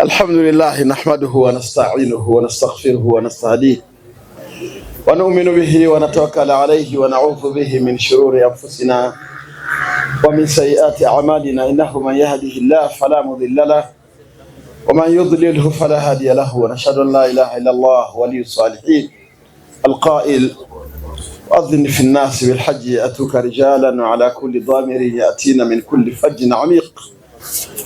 الحمد لله نحمده ونستعينه ونستغفره ونستهديه ونؤمن به ونتوكل عليه ونعوذ به من شرور أنفسنا ومن سيئات أعمالنا إنه من يهده الله فلا مضل له ومن يضلله فلا هادي له ونشهد أن لا إله إلا الله ولي الصالحين القائل أذن في الناس بالحج يأتوك رجالا وعلى كل ضامر يأتينا من كل فج عميق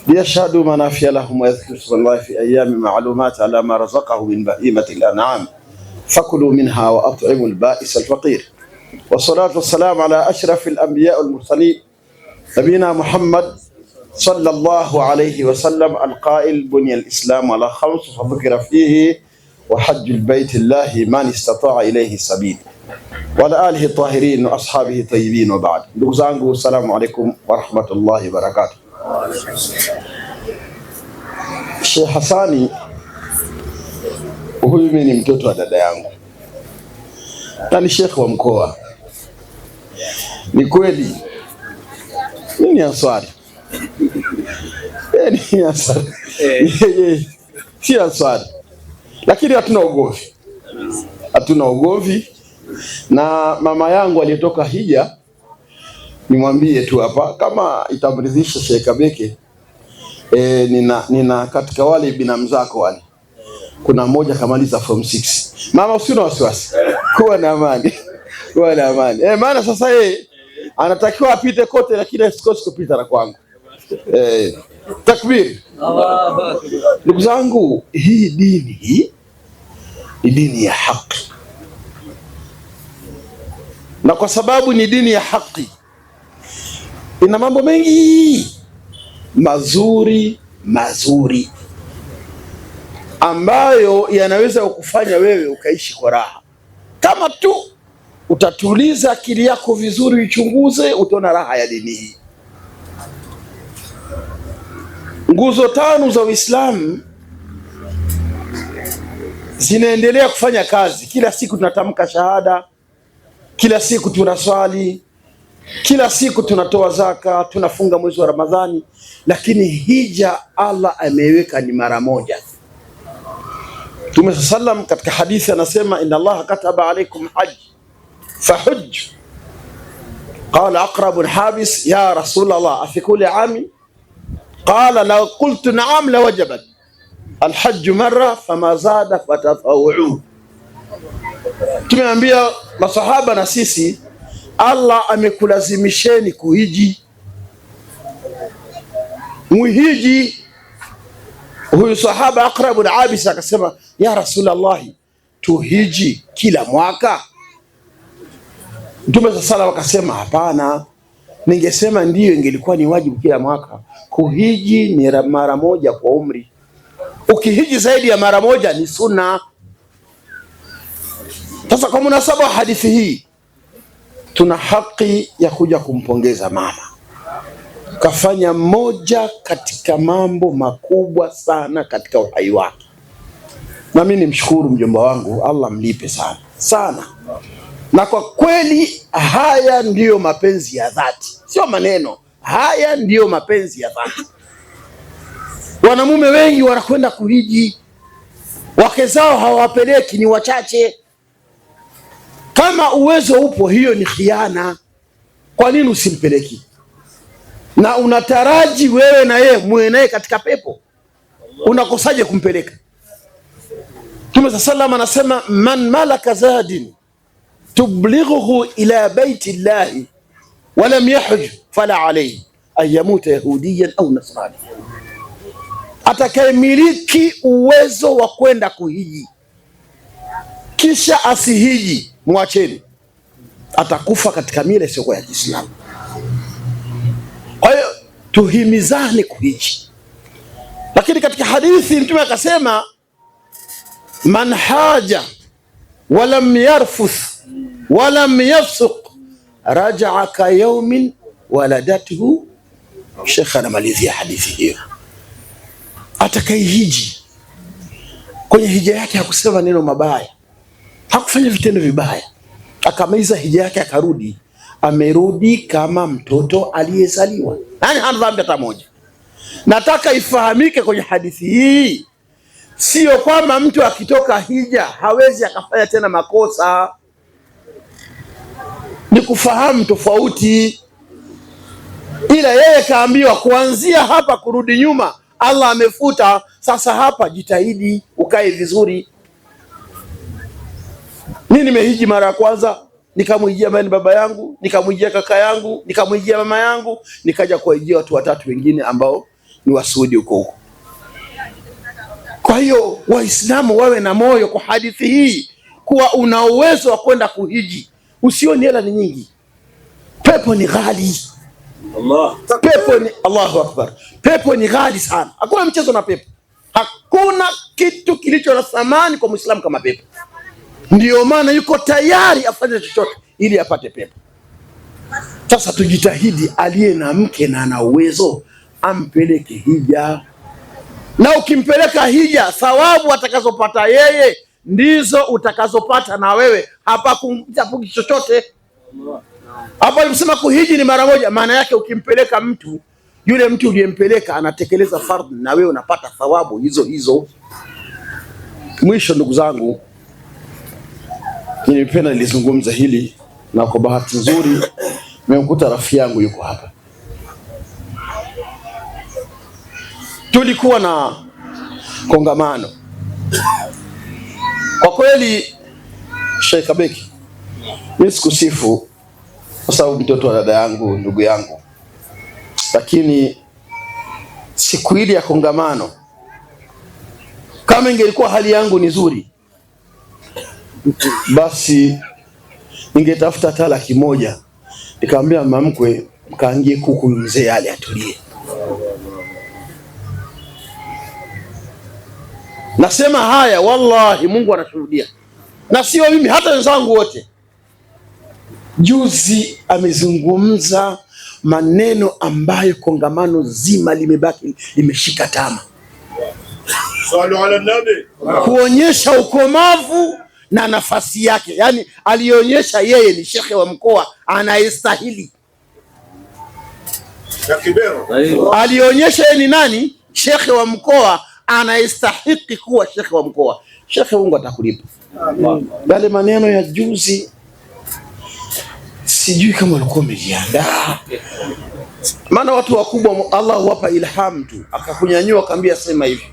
ليشهدوا منافع لهم ويذكروا اسم الله في أيام معلومات على ما رزقه من بهيمة الأنعام فكلوا منها وأطعموا البائس الفقير والصلاة والسلام على أشرف الأنبياء المرسلين نبينا محمد صلى الله عليه وسلم القائل بني الإسلام على خمس فذكر فيه وحج البيت الله من استطاع إليه سبيل وعلى آله الطاهرين وأصحابه الطيبين وبعد دوزانغو السلام عليكم ورحمة الله وبركاته Sheikh Hasani huyu mimi ni mtoto wa dada yangu na ni shekhe wa mkoa. Ni kweli mimi ni answari si answari, lakini hatuna ugomvi, hatuna ugomvi na mama yangu aliyetoka hija nimwambie tu hapa kama itamridhisha Sheikh Kabeke e, nina, nina katika wale binamu zako wale kuna mmoja kamaliza form 6. Mama, usio na wasiwasi, kuwa na amani, kuwa na amani e, maana sasa yeye anatakiwa apite kote, lakini sikosi kupita na kwangu e, takbiri. Ndugu zangu, hii dini hii ni dini ya haki, na kwa sababu ni dini ya haki ina mambo mengi mazuri mazuri ambayo yanaweza kukufanya wewe ukaishi kwa raha, kama tu utatuliza akili yako vizuri, uichunguze, utaona raha ya dini hii. Nguzo tano za Uislamu zinaendelea kufanya kazi. Kila siku tunatamka shahada, kila siku tunaswali, kila siku tunatoa zaka, tunafunga mwezi wa Ramadhani, lakini hija Allah ameiweka ni mara moja. Mtume sallam katika hadithi anasema, inna Allah kataba alaikum haj fahuj qala aqrabu habis ya rasul Allah afikuli ami qala la qultu naam la wajabat alhaju mara fama zada fatafawu. Tumeambia masahaba na sisi Allah amekulazimisheni kuhiji. Muhiji huyu sahaba Aqra bin Abisa akasema, ya Rasulallahi, tuhiji kila mwaka? Mtume salam akasema, hapana, ningesema ndiyo, ingelikuwa ni wajibu kila mwaka. Kuhiji ni mara moja kwa umri, ukihiji zaidi ya mara moja ni sunna. Sasa kwa munasaba wa hadithi hii tuna haki ya kuja kumpongeza mama. Kafanya moja katika mambo makubwa sana katika uhai wake, na mimi nimshukuru mjomba wangu, Allah mlipe sana sana. Na kwa kweli haya ndiyo mapenzi ya dhati, sio maneno. Haya ndiyo mapenzi ya dhati. Wanamume wengi wanakwenda kuhiji, wake zao hawapeleki, ni wachache kama uwezo upo, hiyo ni khiana. Kwa nini usimpeleki? Na unataraji wewe na yeye muwe naye katika pepo, unakosaje kumpeleka? Mtume saa salam anasema man malaka zadin tublighuhu ila baiti llahi walam yahuj fala alayhi an yamuta yahudiyan au nasrani, atakayemiliki uwezo wa kwenda kuhiji kisha asihiji mwacheni, atakufa katika mila isiyokuwa ya Kiislamu. Kwa hiyo tuhimizane kuishi, lakini katika hadithi Mtume akasema man haja walam yarfuth walam yafsuq rajaa ka yaumin waladatuhu. shekha anamalizia hadithi hiyo, atakaihiji kwenye hija yake hakusema neno mabaya hakufanya vitendo vibaya, akamaliza hija yake akarudi, amerudi kama mtoto aliyezaliwa, yani hana dhambi hata moja. Nataka ifahamike kwenye hadithi hii, sio kwamba mtu akitoka hija hawezi akafanya tena makosa, ni kufahamu tofauti. Ila yeye kaambiwa kuanzia hapa kurudi nyuma, Allah amefuta. Sasa hapa jitahidi ukae vizuri. Mi nimehiji mara ya kwanza nikamwijia ambaye ni baba yangu, nikamwijia kaka yangu, nikamwijia mama yangu, nikaja kuwaijia watu watatu wengine ambao ni Wasuudi huko huko. Kwa hiyo Waislamu wawe na moyo kwa hadithi hii kuwa una uwezo wa kwenda kuhiji, usioni hela ni nyingi. Pepo ni ghali Allah. Pepo ni Allahu Akbar, pepo ni ghali sana, hakuna mchezo na pepo, hakuna kitu kilicho na thamani kwa Muislamu kama pepo. Ndiyo maana yuko tayari afanye chochote ili apate pepo. Sasa tujitahidi, aliye na mke na ana uwezo ampeleke hija, na ukimpeleka hija, thawabu atakazopata yeye ndizo utakazopata na wewe. Hapa kumtapuki chochote hapa, Alimsema kuhiji ni mara moja, maana yake ukimpeleka mtu yule mtu uliyempeleka anatekeleza fardhi, na wewe unapata thawabu hizo hizo. Mwisho ndugu zangu nilipenda nilizungumza hili, na kwa bahati nzuri nimekuta rafiki yangu yuko hapa. Tulikuwa na kongamano kwa kweli, Sheikh Abeki, mimi sikusifu kwa sababu mtoto wa dada yangu, ndugu yangu, lakini siku ile ya kongamano, kama ingelikuwa hali yangu ni nzuri basi ningetafuta hata laki moja. Nikamwambia mamkwe, mkaangie kuku mzee ale atulie. Nasema haya, wallahi Mungu anashuhudia, na sio mimi, hata wenzangu wote. Juzi amezungumza maneno ambayo kongamano zima limebaki limeshika tama kuonyesha ukomavu na nafasi yake, yaani alionyesha yeye ni shekhe wa mkoa anayestahili. Alionyesha yeye ni nani, shekhe wa mkoa anayestahiki kuwa shekhe wa mkoa. Shekhe, Mungu atakulipa. Yale maneno ya juzi, sijui kama ulikuwa umejiandaa, maana watu wakubwa Allah huwapa ilhamu tu, akakunyanyua akaambia sema hivi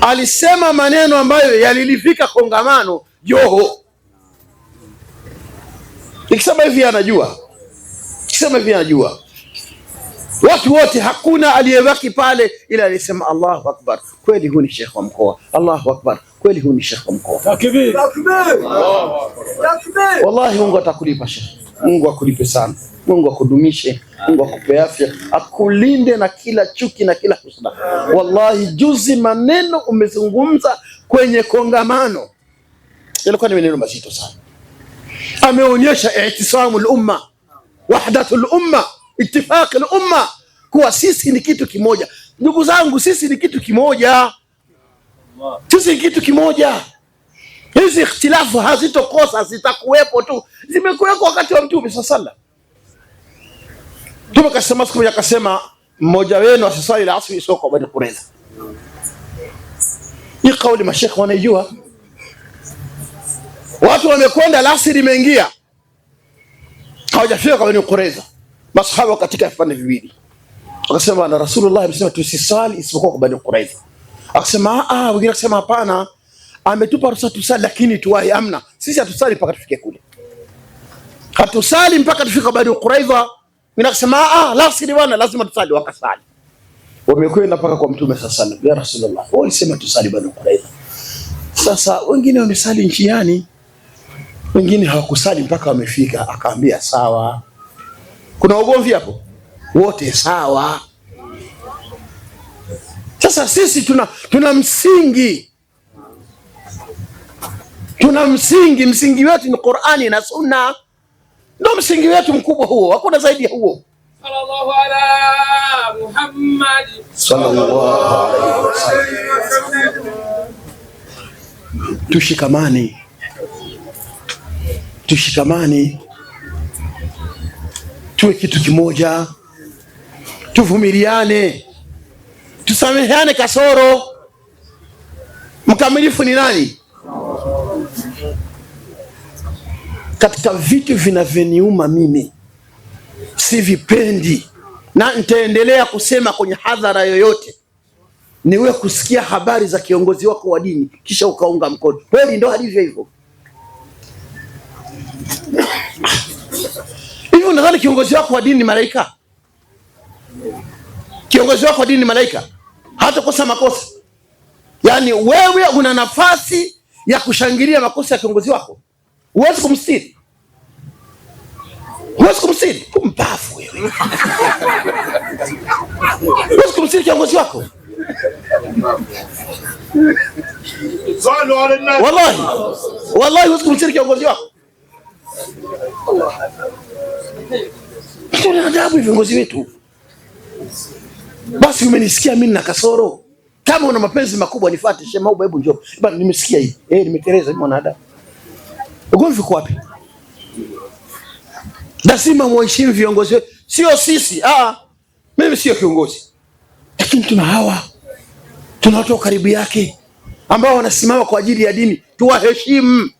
alisema maneno ambayo yalilifika kongamano Joho. ikisema hivi anajua, ikisema hivi anajua watu wote, hakuna aliyebaki pale ila alisema Allahu akbar, kweli huu ni shekh wa mkoa. Allahu akbar, kweli huu ni shekh wa mkoa. Takbir, takbir, wallahi Mungu atakulipa shekh Mungu akulipe sana, Mungu akudumishe, Mungu akupe afya, akulinde na kila chuki na kila husda. Wallahi, juzi maneno umezungumza kwenye kongamano yalikuwa ni maneno mazito sana. Ameonyesha itisamu lumma, wahdatu lumma, itifaqi lumma, kuwa sisi ni kitu kimoja. Ndugu zangu, sisi ni kitu kimoja, sisi ni kitu kimoja. Hizi ikhtilafu hazitokosa, zitakuwepo tu, zimekuwepo wakati wa Mtume sala Mtume kasema siku moja, akasema mmoja wenu asisali la asri sio kwa Bani Qurayza. Ni kauli mashekhe wanaijua, watu wamekwenda, lasiri imeingia, hawajafika kwa Bani Qurayza. Masahaba katika vipande viwili, akasema na Rasulullah amesema tusisali isipokuwa kwa Bani Qurayza, akasema ah, wengine akasema hapana ametupa ruhusa tusali, lakini tuwahi. Amna, sisi hatusali mpaka tufike kule, hatusali mpaka tufike Bani Quraidha. Ninasema ah, ah lasiri bwana, lazima tusali. Wakasali, wamekwenda mpaka kwa Mtume sasa, ya Rasulullah, wao sema tusali Bani Quraidha. Sasa wengine wamesali njiani, wengine hawakusali mpaka wamefika. Akaambia sawa, kuna ugomvi hapo? Wote sawa. Sasa sisi tuna, tuna msingi Tuna msingi, msingi wetu ni Qur'ani na Sunna, ndo msingi wetu mkubwa huo, hakuna zaidi ya huo. Tushikamani, tushikamani, tuwe kitu kimoja, tuvumiliane, tusameheane kasoro. Mkamilifu ni nani? katika vitu vinavyoniuma mimi sivipendi, na nitaendelea kusema kwenye hadhara yoyote. Niwe kusikia habari za kiongozi wako wa dini kisha ukaunga mkono kweli? Ndo alivyo hivyo hivyo. Nadhani kiongozi wako wa dini ni malaika? Kiongozi wako wa dini ni malaika? Hata kosa makosa, yaani wewe una nafasi ya kushangilia makosa ya kiongozi wako? Huwezi kumstiri, huwezi kumstiri, kumbafu wewe, huwezi kumstiri kiongozi wako wallahi, wallahi huwezi kumstiri kiongozi wako. Ni Ajabu viongozi wetu. Basi umenisikia mimi na kasoro kama una mapenzi makubwa nifuate, shema hebu njoo bana, nimesikia hii eh, nimetereza mimi mwanadamu. Ugomvi uko wapi? Lazima muheshimu viongozi wetu, sio sisi. Ah, ah. mimi sio kiongozi, lakini tuna hawa tuna watu karibu yake ambao wanasimama kwa ajili ya dini, tuwaheshimu,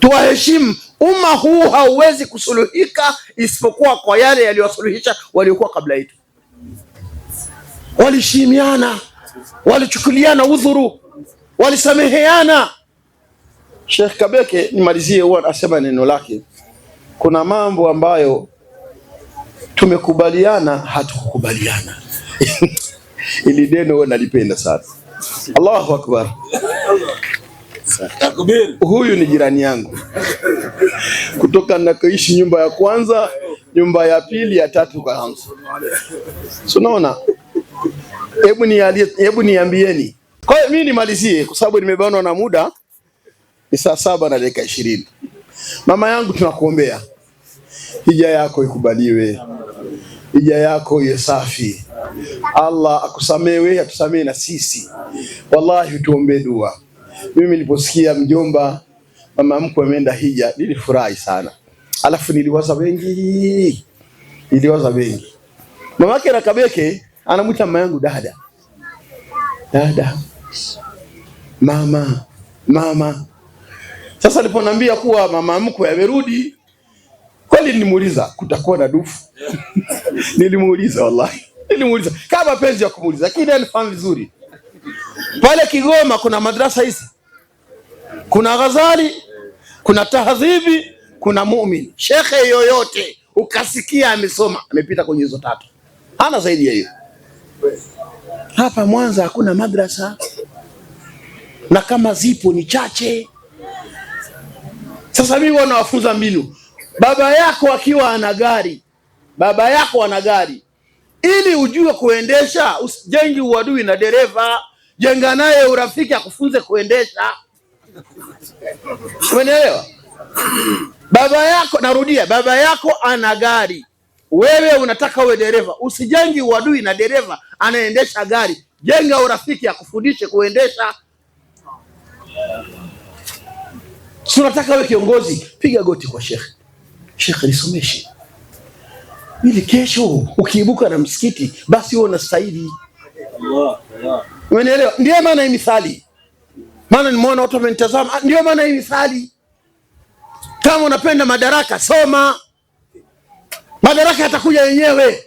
tuwaheshimu. Umma huu hauwezi kusuluhika isipokuwa kwa yale yaliyowasuluhisha waliokuwa kabla yetu, walishimiana walichukuliana udhuru, walisameheana. Sheikh Kabeke, nimalizie, huwa anasema neno lake, kuna mambo ambayo tumekubaliana hatukukubaliana. Ili neno huwa nalipenda sana. Allahu akbar. Huyu ni jirani yangu kutoka nakoishi, nyumba ya kwanza, nyumba ya pili, ya tatu, hamsa, So unaona Hebu ni hebu niambieni. Kwa hiyo mimi nimalizie kwa sababu nimebanwa na muda, ni saa saba na dakika ishirini. Mama yangu tunakuombea hija yako ikubaliwe, hija yako iwe safi. Allah akusamee wewe, atusamee na sisi. Wallahi tuombee dua. Mimi niliposikia mjomba mama mkwe ameenda hija nilifurahi sana, alafu niliwaza wengi, niliwaza wengi. Mamake kabeke anamwita mama yangu dada dada, mama mama. Sasa aliponambia kuwa mama mkwe amerudi kweli, nilimuuliza kutakuwa na dufu nilimuuliza, wallahi nilimuuliza kama mapenzi ya kumuuliza, lakini alifahamu vizuri. Pale Kigoma kuna madrasa hizi, kuna Ghazali, kuna Tahdhibi, kuna Muumini. Shekhe yoyote ukasikia amesoma amepita kwenye hizo tatu, hana zaidi ya hiyo. Hapa Mwanza hakuna madrasa na kama zipo ni chache. Sasa mimi wanawafunza mbinu. Baba yako akiwa ana gari, baba yako ana gari, ili ujue kuendesha, usijengi uadui na dereva, jenga naye urafiki, akufunze kuendesha. Umeelewa? Baba yako, narudia, baba yako ana gari wewe unataka uwe dereva, usijengi uadui na dereva anaendesha gari, jenga urafiki, akufundishe kuendesha. Si unataka uwe kiongozi, piga goti kwa shekhe, shekhe nisomeshe ili kesho ukiibuka na msikiti basi wewe unastahili. Umeelewa? ndio maana hii mithali, maana nimeona watu wamenitazama. ndio maana hii mithali, kama unapenda madaraka soma madaraka yatakuja yenyewe.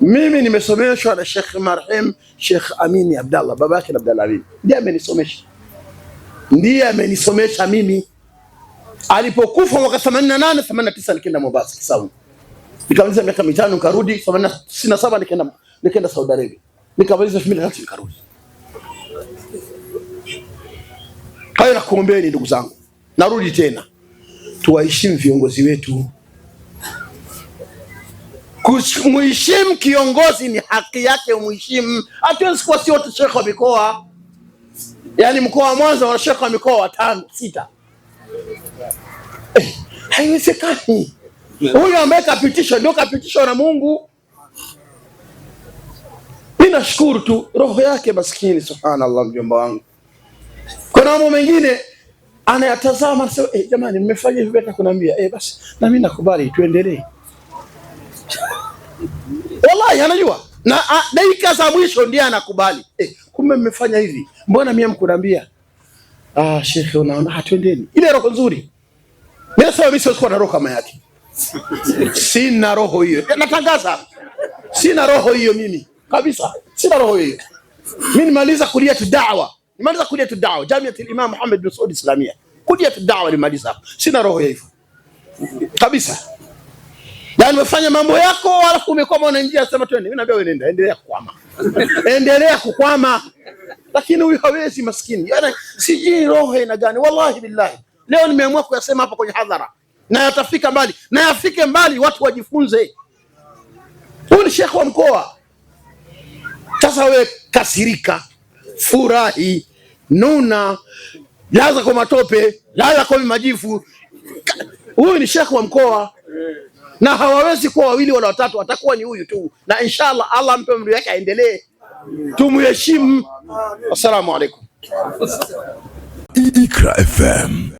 Mimi nimesomeshwa na Sheikh marhum Sheikh Amini Abdallah, baba yake Abdallah Amini ndiye amenisomesha, ndiye amenisomesha mimi. Alipokufa mwaka 88 89, nikaenda Mombasa Kisauni, nikamaliza miaka mitano, nikarudi 97, nikaenda nikaenda Saudi Arabia, nikamaliza 2003, nikarudi. Hayo nakuombeeni ndugu zangu, narudi tena, tuwaheshimu viongozi wetu Kumheshimu kiongozi ni haki yake, umheshimu. Hatuwezi kuwa si wote shekhe wa mikoa, yaani mkoa wa Mwanza wana shekhe wa mikoa watano sita, eh, haiwezekani. Huyo ambaye kapitishwa ndio kapitishwa na Mungu. Mi nashukuru tu roho yake maskini, subhanallah, mjomba wangu. Kuna mambo mengine anayatazama, anasema eh, jamani, mmefanya hivi, hata kuniambia eh, basi na mimi nakubali, tuendelee wallahi anajua na ah, dakika za mwisho ndiye anakubali. Eh, kumbe mmefanya hivi, mbona mimi mkunambia? Ah, shekhe, unaona hatuendeni. Ah, Ile roho nzuri, mimi sasa mimi sikuwa na roho kama yake, sina roho hiyo, eh, natangaza sina roho hiyo mimi kabisa, sina roho hiyo mimi. Nimaliza kulia tu da'wa, nimaliza kulia tu da'wa Jamiat al-Imam Muhammad bin Saud Islamia, kulia tu da'wa nimaliza, sina roho hiyo kabisa. Yaani umefanya mambo yako alafu umekwama na njia sema twende. Mimi naambia wewe nenda, endelea kukwama. Endelea kukwama. Lakini huyu hawezi maskini. Yaani sijui roho ina gani. Wallahi billahi. Leo nimeamua kuyasema hapa kwenye hadhara. Na yatafika mbali. Na yafike mbali watu wajifunze. Huyu ni Sheikh wa mkoa. Sasa wewe kasirika, furahi, nuna, laza kwa matope, laza kwa majifu. Huyu ni Sheikh wa mkoa na hawawezi kuwa wawili wala watatu, watakuwa ni huyu tu, na inshallah Allah ampe umri wake aendelee, tumuheshimu. Assalamu alaikum. Iqra FM.